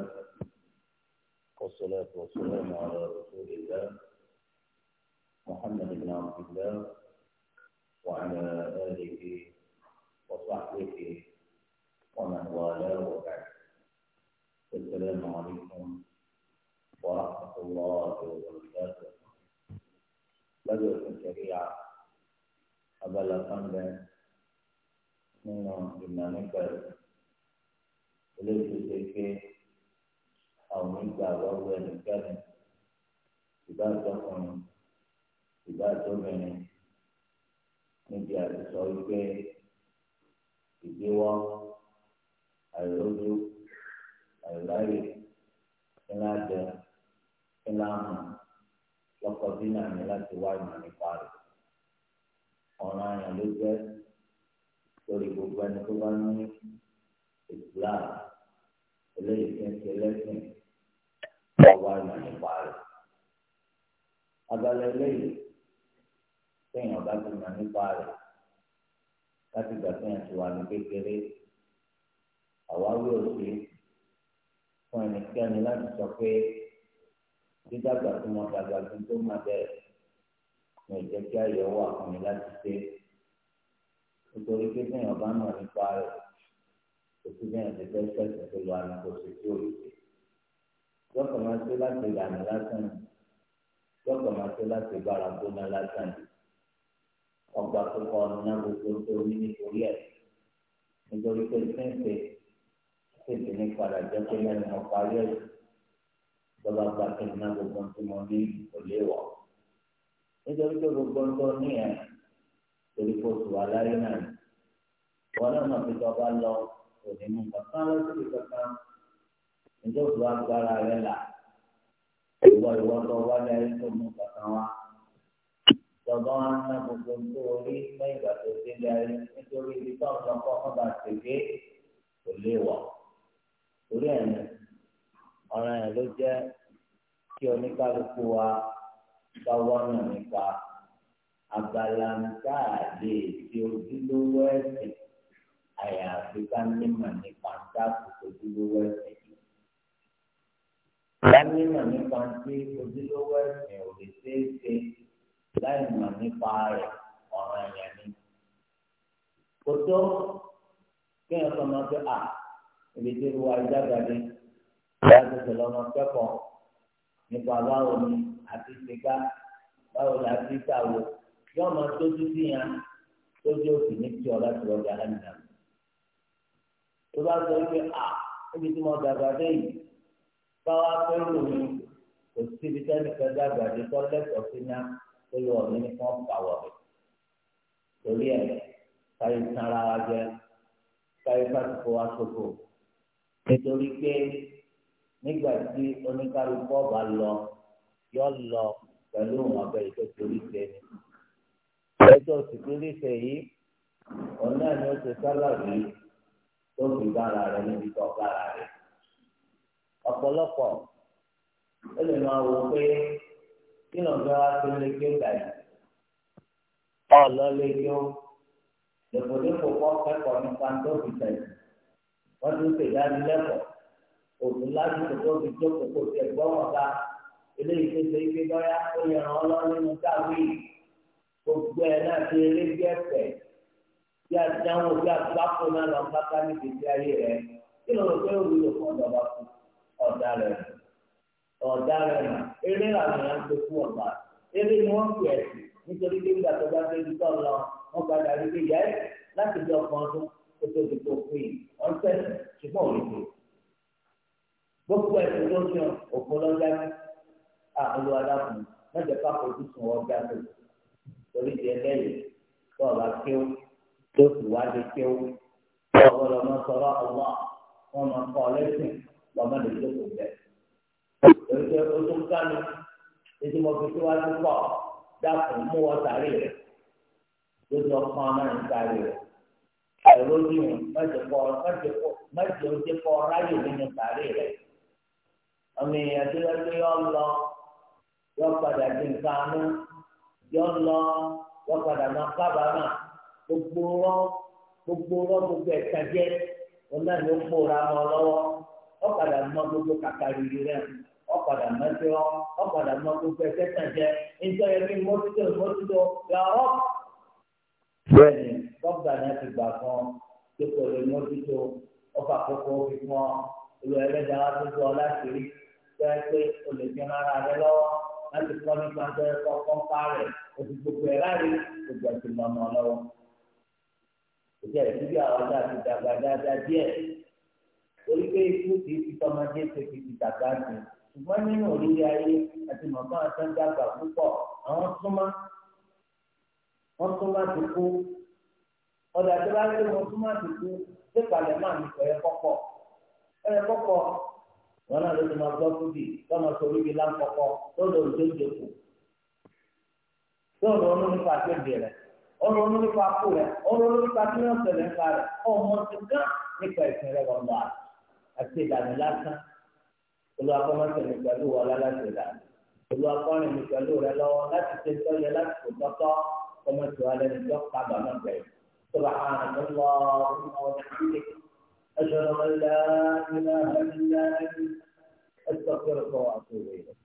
الله والصلاة والسلام على رسول الله محمد بن عبد الله وعلى آله وصحبه ومن والاه وبعد السلام عليكم ورحمة الله وبركاته بدر الشريعة أبلا قنبة من برنامج eléyìí tó ṣe àwọn ìgbà lọ́wọ́ ẹnikẹ́ni ìbá àtọkùnrin ìbá àtọbìnrin níbi àtisọ wípé ìdíwọ́ àìlójú àìláyè ńlá jẹ ńlá hàn lọ́kọ̀ dínà mi láti wá ìmọ̀ nípa rẹ̀ ọ̀ràn àyàn ló jẹ́ lórí gbogbo ẹni tó bá ní ìsìláàmù eléyìí tí ń ṣe lẹ́sìn tó wá ìmọ̀ nípa rẹ̀. Abala eléyìí téèyàn bá ti mọ̀ nípa rẹ̀ láti gbà téèyàn ti wà ní kékeré. Àwáwí òsè fún ẹnikẹ́ni láti sọ pé dídàgbà tí mo dàgbà tí tó máa bẹ̀rẹ̀ mi ò jẹ́ kí ayọ̀ wà fún mi láti ṣe. Nítorí pé téèyàn bá mọ̀ nípa rẹ̀ òsì bẹ́ẹ̀ ti fẹ́ sẹ́sìn tó lọ àná kò sì tí ò lè ṣe. yọkọ̀ máa ṣe láti dànù lásán ni yọkọ̀ máa ṣe láti bára gbóná lásán ni. ọgbà tó kọ ọ̀nà náà gbogbo tó ní nítorí ẹ̀ nítorí pé sẹ́ńsì tètè ní padà jẹ́ pé mẹ́rin mo parí ẹ̀ ìjọba gba kí n ná gbogbo tí mo ní kò léwọ̀. nítorí pé gbogbo tó ní ẹ̀ torí kó tù wá láyé náà wọn náà mọ̀ pé tọ́ bá lọ òní mú kankan lọ́sibí kankan níjọ́ tó wá gbára rẹ̀ là ìwọ ìwọ tó wá ní ayé tó mú kankan wá lọ́gbọ́n wa ń ná gbogbo tó orí fún ìgbà tó dé ní ayé nítorí ibi tó ń lọ kọ́ ọba tèké kò léwọ̀ torí ẹ̀ ní ọ̀ràn ẹ̀ ló jẹ́ kí oníkálukú wa bá wọ́nà nípa abala ń tà lè fi ojúlówó ẹ̀sìn àyàfi ká nímọ̀ nípa dáàbò ojúlówó ẹ̀sìn yìí. Hmm. ká nímọ̀ nípa tí ojúlówó ẹ̀sìn ò lè ṣeé ṣe láì mọ̀ nípa rẹ̀ ọ̀ràn ẹ̀yàn ni. kò tó kí ẹ̀ka máa fi à ibi tí ìwà ìdágbàdé láti ṣe lọ́mọ kẹ́kọ̀ọ́ nípa báwo ni àti ṣèkà báwo ni àti ṣàwò yóò máa tójú sí yẹn tójú òsì ní tí ọ̀la ti rọjà lánàá tó bá sọ wípé à níbi tí mo dàgbà dé yìí báwa fẹ́ lò mí kò síbi tẹ́nìkan dàgbà dé tọ́lẹ́tọ̀ sí ná tó lọ mí ní kán pàwọ̀ mi torí ẹ̀ káyọ̀ sanra wa jẹ káyọ̀ pàtùkù wa ṣòfò nítorí pé nígbà tí oníkálukú ọba lọ yọ lọ pẹ̀lú òun ọbẹ̀ ìjọ torí sẹ́ni. ẹjọ́ sì torí sẹ́yìn ọ̀nà ni ó ti sálà tó fi gbára rẹ níbi tó gbára rẹ ọ̀pọ̀lọpọ̀ ó lè máa wò pé kí ló ń fẹ́ wá sí ilé kí ó gbà yìí ọ̀lọ́ lé kí ó lèpòdépò kọ́ kẹ́kọ̀ọ́ nípa tó fi òtún láti tó fi ike ó yẹ ọ́ nínú táwí náà ti eré bí ẹ̀fẹ̀. bí àdáwò bí àgbákò náà lọ bá ká ní gbèsè ayé rẹ kí ló ń pẹ́ òwúlò fún ọ̀dọ̀ bá kú ọ̀dà rẹ̀ ọ̀dà rẹ̀ mà eré làwọn èèyàn gbé fún ọ̀dà eré ni wọ́n pè ẹ̀sìn nítorí pé nígbà tó bá dé ibi tó lọ wọ́n padà rí pé yẹ láti bí ọkàn ọdún tó tó ti tó pé ọ̀n tẹ̀sí ṣùgbọ́n ò lè tó gbogbo ẹ̀sìn tó ń yan òkú lọ́jà ní àlùwàdàkùn mẹ́jọ káfọ́ ojúṣun ọjà tó torí ti ẹlẹ́yìn tó ọ̀la tó sì wá di kéwù ọ̀rọ̀ lọ́mọ sọ̀rọ̀ ọ̀wọ́ wọn máa kọ́ lẹ́sìn lọ́mọ lè tó kò bẹ̀. ètò ojú kánú ètò mo fi síwájú pọ̀ dákun mú wọn sáré rẹ̀ lójú ọkàn amáyín sáré rẹ̀ àìrójú mẹ́jẹ̀kọ́ mẹ́jẹ̀kọ́ mẹ́jẹ̀kọ́ ráyè nínú sáré rẹ̀ ọmọ èèyàn tó lọ yọ padà dín kánú yọ lọ yọ padà máa kábàámà gbogbo wọn gbogbo wọn gbogbo ẹ̀ka jẹ́ wọn náà ló kóra wọn lọ́wọ́ ọ̀padà mọ gbogbo kàkà rírì rẹ̀ ọ̀padà mẹ́tẹ́ wọn ọ̀padà mọ gbogbo ẹ̀kẹ́ tàn jẹ́ níjọ́ yẹn bí mọ́tútù mọ́tútù yọ̀ọ́ bẹ́ẹ̀ni bọ́ọ̀gà náà ti gbà fún dípò lè mọ́tútù ọba àkọ́kọ́ fi fún ọ olú ẹlẹ́dàá tó tó ọ láti rí bẹ́ẹ̀ pé o lè fi ara rẹ lọ́wọ́ láti kọ́ nípa bẹ́ẹ̀ kọ́ kọ́ ń pa rẹ̀ òsì gbogbo ẹ̀ láàrin gbogbo ẹ̀ ti mọ̀ ọ́ lọ́wọ́ ìjà ìdílé àwọn náà ti dàgbà dáadáa díẹ̀ torí pé ikú kì í fi tọmọdé ṣe fi ti dàgbà sí ṣùgbọ́n nínú oríire ayé àti màmá àtàn dàgbà púpọ̀ àwọn súnmọ́ wọ́n súnmọ́ ti kú ọ̀dà tó bá rí wọn súnmọ́ ti kú sípàlẹ̀ máa ní ẹ̀rẹ́ kọ́kọ́ ẹ̀rẹ́ kọ́kọ́ wọn náà ló ti máa gbọ́ fúdì tọ́nà sórí ibi láńkọ́kọ́ lọ́dọ̀ òjòjò kù tó ń ronú ọ̀rọ̀ olórípa kú rẹ̀ ọ̀rọ̀ olórípa tí wọ́n ṣẹlẹ̀ ń pa rẹ̀ ọmọ ti gán nípa ìsìn rẹ̀ wọ́n lọ àti ìdàmú lásán olùwàkọ́mọ́sẹ̀ mi pẹ̀lú wọlé láti ìdàmú olùwàkọ́rin mi pẹ̀lú rẹ̀ lọ́wọ́ láti ṣe sọ́yẹ láti kò tọ́tọ́ ọmọdé wa lẹ́nu tó pa bàbá bẹ̀rẹ̀ tó bá hàn án lọ́wọ́ ọmọdé أشهد أن لا إله إلا أنت أستغفرك وأتوب إليك